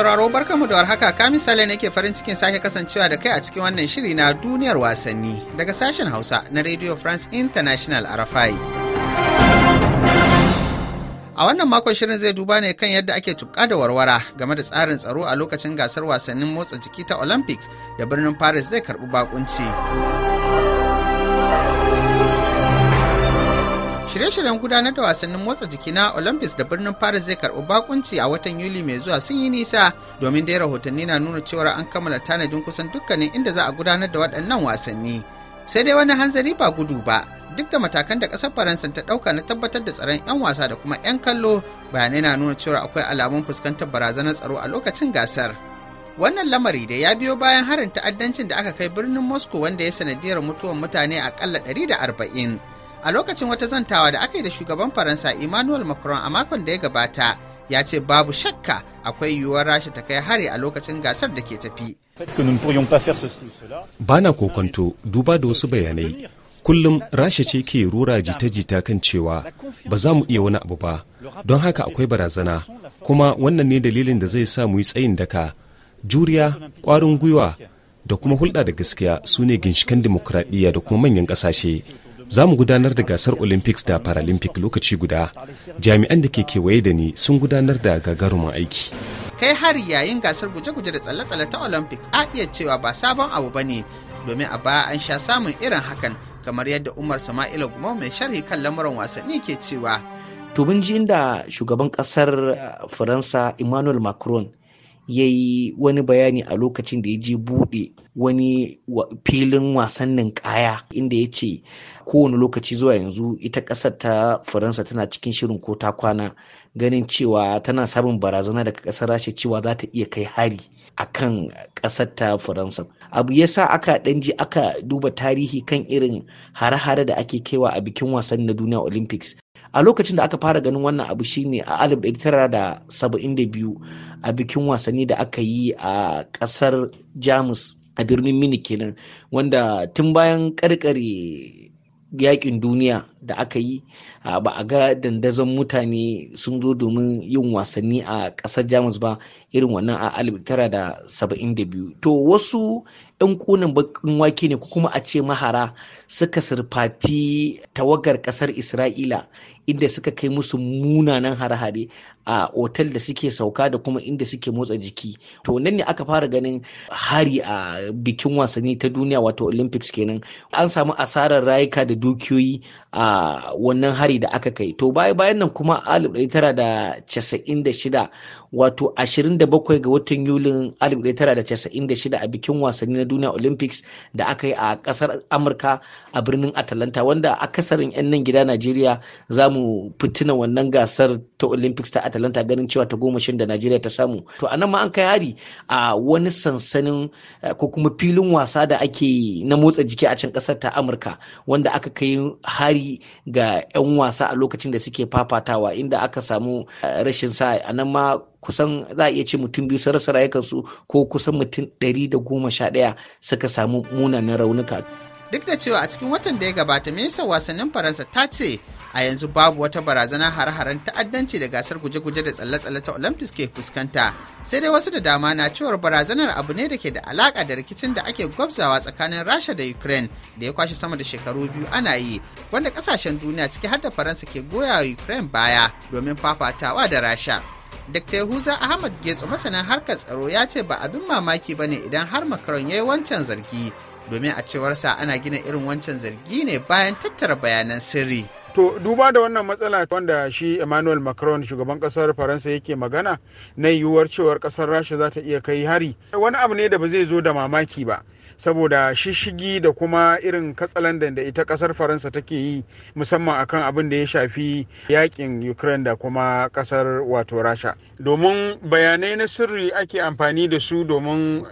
sauraro barkamu da warhaka ka misali nake farin cikin sake kasancewa da kai a cikin wannan shiri na duniyar wasanni daga sashen Hausa na Radio France International Arafai. A wannan makon shirin zai duba ne kan yadda ake tuka da warwara game da tsarin tsaro a lokacin gasar wasannin motsa jiki ta Olympics da birnin Paris zai karbi bakunci. Shirye-shiryen gudanar da wasannin motsa jiki na Olympics da birnin Paris zai karɓi bakunci a watan Yuli mai zuwa sun yi nisa domin dai rahotanni na nuna cewa an kammala tanadin kusan dukkanin inda za a gudanar da waɗannan wasanni. Sai dai wani hanzari ba gudu ba duk da matakan da ƙasar Faransa ta ɗauka na tabbatar da tsaron 'yan wasa da kuma 'yan kallo bayanai na nuna cewar akwai alamun fuskantar barazanar tsaro a lokacin gasar. wannan lamari da ya biyo bayan harin ta'addancin da aka kai birnin moscow wanda ya sanadiyar mutuwar mutane akalla arba'in. a lokacin wata zantawa da aka yi da shugaban faransa emmanuel macron a makon da ya gabata ya ce babu shakka akwai yiwuwar rasha ta kai hari a lokacin gasar da ke tafi bana kokonto duba da wasu bayanai kullum rasha ce ke rura jita-jita kan cewa ba za mu iya wani abu ba don haka akwai barazana kuma wannan ne dalilin da zai sa mu yi tsayin daka juriya kwarin gwiwa da kuma hulɗa da gaskiya su ne ginshikan dimokuraɗiyya da kuma manyan ƙasashe za mu gudanar da gasar olympics da paralympic lokaci guda jami'an da ke kewaye da ni sun gudanar da gagarumin aiki kai hari yayin gasar guje-guje da tsalle-tsalle ta olympics a iya cewa ba sabon abu ba ne domin a baya an sha samun irin hakan kamar yadda umar sama'ila gumau mai sharhi kan lamuran wasanni ke cewa tubin jin da shugaban kasar eh, faransa emmanuel macron ya yi wani bayani a lokacin da ya je buɗe wani filin wasan kaya. inda ya ce kowane lokaci zuwa yanzu ita ƙasar ta faransa tana cikin shirin ko ta kwana ganin cewa tana samun barazana daga ƙasar rasha cewa za ta iya kai hari a kan ƙasar ta faransa abu ya sa aka ɗanji aka duba tarihi kan irin hare-hare da ake kaiwa a bikin wasan na duniya olympics a lokacin da aka fara ganin wannan abu shine a 1972 a bikin wasanni da aka yi a kasar jamus a birnin mini wanda tun bayan karkare yakin duniya da aka yi ba a ga dandazon mutane sun zo domin yin wasanni a ƙasar jamus ba irin wannan a 1972 to wasu 'yan kunan bakin wake ne ko kuma a ce mahara suka surfafi tawagar ƙasar isra'ila inda suka kai musu munanan hare-hare a otal da suke sauka da kuma inda suke motsa jiki to nan ne aka fara ganin hari a bikin wasanni ta duniya wato olympics kenan an samu asarar rayuka da dukiyoyi a wannan hari da aka kai to baya bayan nan kuma 1996 wato 27 ga watan yulin 1996 a bikin wasanni na duniya olympics da aka yi a kasar amurka a birnin atalanta wanda akasarin 'yan nan gida najeriya za mu fitina wannan gasar ta olympics ta atalanta atalanta ganin cewa ta gomashin da najeriya ta samu to a nan ma an kai hari a wani sansanin eh, ko kuma filin wasa da ake na motsa jiki a can kasar ta amurka wanda aka kai hari ga 'yan wasa a lokacin da suke fafatawa inda aka samu eh, rashin sa a nan ma kusan za a iya ce mutum biyu sun rasa rayukansu ko kusan mutum ɗaya suka samu munanan raunuka duk da cewa a cikin watan da ya gabata ministan wasannin faransa ta ce a yanzu babu wata barazana har-haren ta'addanci da gasar guje-guje da tsalle-tsalle ta olympics ke fuskanta sai dai wasu da dama na cewar barazanar abu ne da ke da alaka da rikicin da ake gwabzawa tsakanin rasha da ukraine da ya kwashe sama da shekaru biyu ana yi wanda ƙasashen duniya ciki har da faransa ke goya ukraine baya domin fafatawa da rasha Dr. Yahuza Ahmad Getso masanin harkar tsaro ya ce ba abin mamaki ba ne idan har Macron ya yi wancan zargi domin a cewarsa ana gina irin wancan zargi ne bayan tattara bayanan sirri. To duba da wannan matsala wanda shi Emmanuel Macron shugaban kasar Faransa yake magana na yiwuwar cewar kasar Rasha za ta iya kai hari. Wani abu ne da ba zai zo da mamaki ba. saboda shishigi da kuma irin katsalandan da ita kasar faransa take yi musamman akan abin da ya shafi yakin ukraine da kuma kasar wato rasha domin bayanai na sirri ake amfani da su domin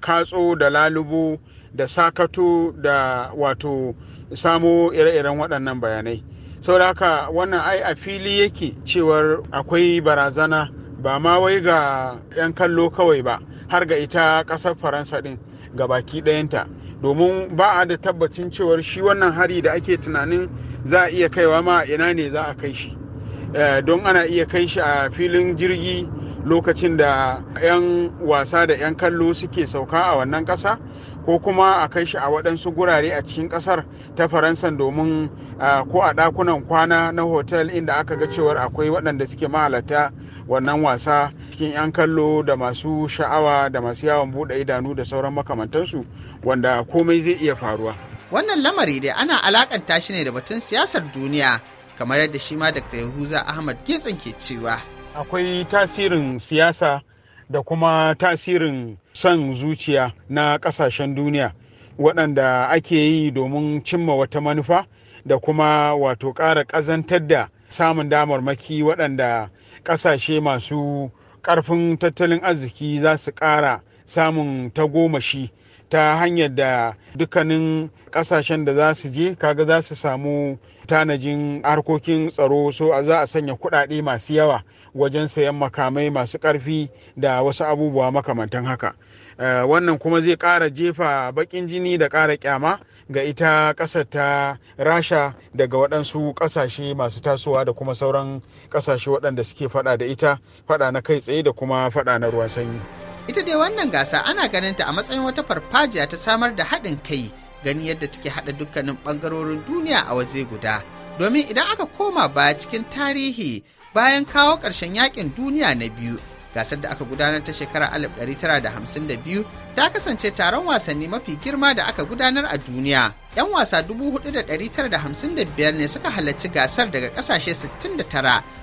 katso da lalubo da sakato da wato samo ire-iren waɗannan bayanai saboda wannan ai a fili yake cewar akwai barazana ba ma wai ga 'yan kallo kawai ba har ga ita ƙasar faransa ɗin ga baki ɗayanta domin ba a da tabbacin cewar shi wannan hari da ake tunanin za a iya kaiwa ma ina ne za a kai shi eh, don ana iya kai shi a filin jirgi lokacin da 'yan wasa da 'yan kallo suke sauka a wannan ƙasa ko kuma a kai shi a waɗansu gurare a cikin ƙasar ta faransa domin ko a ɗakunan kwana na hotel inda aka ga cewar akwai waɗanda suke mahalarta wannan wasa cikin 'yan kallo da masu sha'awa da masu yawon buɗe idanu da sauran makamantansu wanda komai zai iya faruwa wannan lamari dai ana alakanta shi ne da batun siyasar duniya kamar yadda shi ma dr yahuza ahmad getsin ke cewa akwai tasirin siyasa da kuma tasirin son zuciya na kasashen duniya waɗanda ake yi domin cimma wata manufa da kuma wato ƙara ƙazantar da samun damarmaki waɗanda ƙasashe masu ƙarfin tattalin arziki za su ƙara samun tagomashi ta hanyar da dukkanin kasashen da za su je kaga za su samu tanajin harkokin tsaro so za a sanya kuɗaɗe masu yawa wajen sayan makamai masu ƙarfi da wasu abubuwa makamantan haka eh, wannan kuma zai ƙara jefa baƙin jini da ƙara kyama ga ita ƙasar ta rasha daga waɗansu ƙasashe masu tasowa da kuma sauran ƙasashe waɗanda suke faɗa da ita faɗa na kai tsaye da kuma faɗa na ruwan sanyi. ita dai wannan gasa ana ganin ta a matsayin wata farfajiya ta samar da haɗin kai gani yadda take haɗa dukkanin ɓangarorin duniya a waje guda domin idan aka koma baya cikin tarihi bayan kawo ƙarshen yakin duniya na biyu gasar da aka gudanar ta shekara 1952 ta kasance taron wasanni mafi girma da aka gudanar a duniya 'yan wasa 4,955 ne suka halarci gasar daga kasashe 69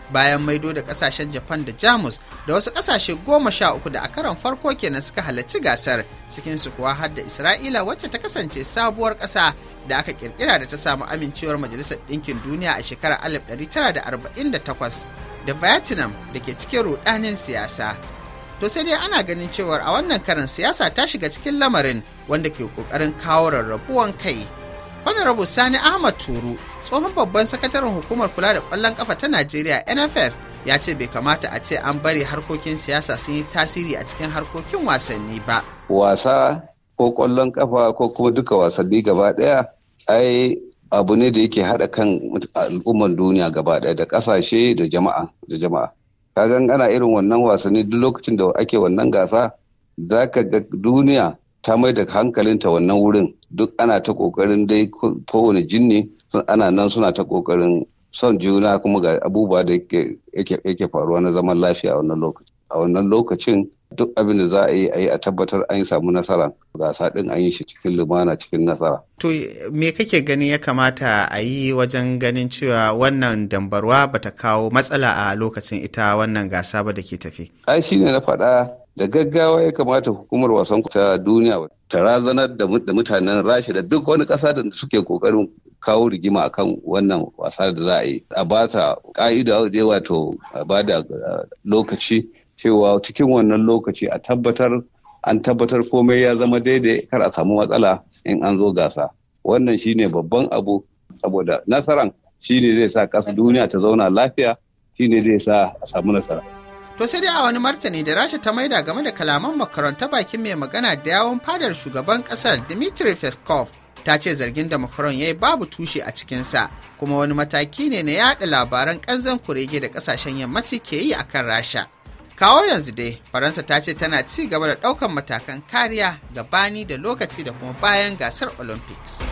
bayan maido da kasashen japan da jamus da wasu kasashe 13 da a karon farko kenan suka halarci gasar cikinsu kuwa har da isra'ila wacce ta kasance sabuwar kasa da aka kirkira da ta samu amincewar majalisar ɗinkin duniya a shekarar 1948 da vietnam da ke cikin rudanin siyasa to sai dai ana ganin cewar a wannan karin siyasa ta shiga cikin lamarin wanda ke kokarin kawo rarrabuwan kai honorable sani ahmad turu tsohon babban sakataren hukumar kula da kwallon kafa ta najeriya nff ya ce bai kamata a ce an bari harkokin siyasa sun yi tasiri a cikin harkokin wasanni ba wasa ko kwallon kafa ko kuma duka wasanni gaba daya ai abu ne da yake haɗa kan al'ummar duniya gaba daya da ƙasashe da jama'a da jama'a kagan ana irin wannan wasanni duk lokacin da ake wannan gasa za ga duniya ta mai da hankalinta wannan wurin duk ana ta kokarin dai kowane jinni ana nan suna ta kokarin son juna kuma ga abubuwa da yake faruwa na zaman lafiya a wannan lokacin duk abin da za a yi a yi a tabbatar an samu nasara gasa din an yi shi cikin lumana cikin nasara. To me kake gani ya kamata a yi wajen ganin cewa wannan dambarwa bata kawo matsala a lokacin ita wannan gasa ba da ke tafi? Ai shi ne na faɗa da gaggawa ya kamata hukumar wasan ta duniya ta razanar da mutanen rashi da duk wani kasa da suke kokarin kawo rigima akan wannan wasa da za a yi a ba ta ka'ida da wato a ba da lokaci cewa cikin wannan lokaci a tabbatar an tabbatar komai ya zama daidai kar a samu matsala in an zo gasa wannan shine babban abu saboda nasaran shine zai sa ƙasa duniya ta zauna lafiya shine zai sa a samu nasara. To sai dai a wani martani da Rasha ta maida game da kalaman makaranta bakin mai magana da yawon fadar shugaban kasar Dmitry Peskov ta ce zargin da Macron ya yi babu tushe a cikinsa kuma wani mataki ne na yada labaran kanzan kurege da kasashen yammaci ke yi a kan Rasha. Kawo yanzu dai, Faransa ta ce tana ci gaba da ɗaukan matakan kariya gabani da lokaci da kuma bayan gasar Olympics.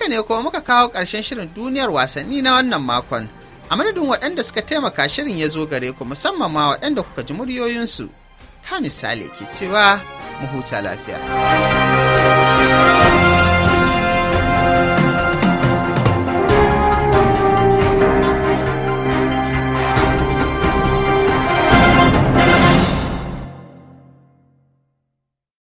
haka ne kuma muka kawo ƙarshen shirin duniyar wasanni na wannan makon. A madadin waɗanda suka taimaka shirin ya zo gare ku musamman ma waɗanda kuka ji muryoyinsu. Ka misali ke cewa mu huta lafiya.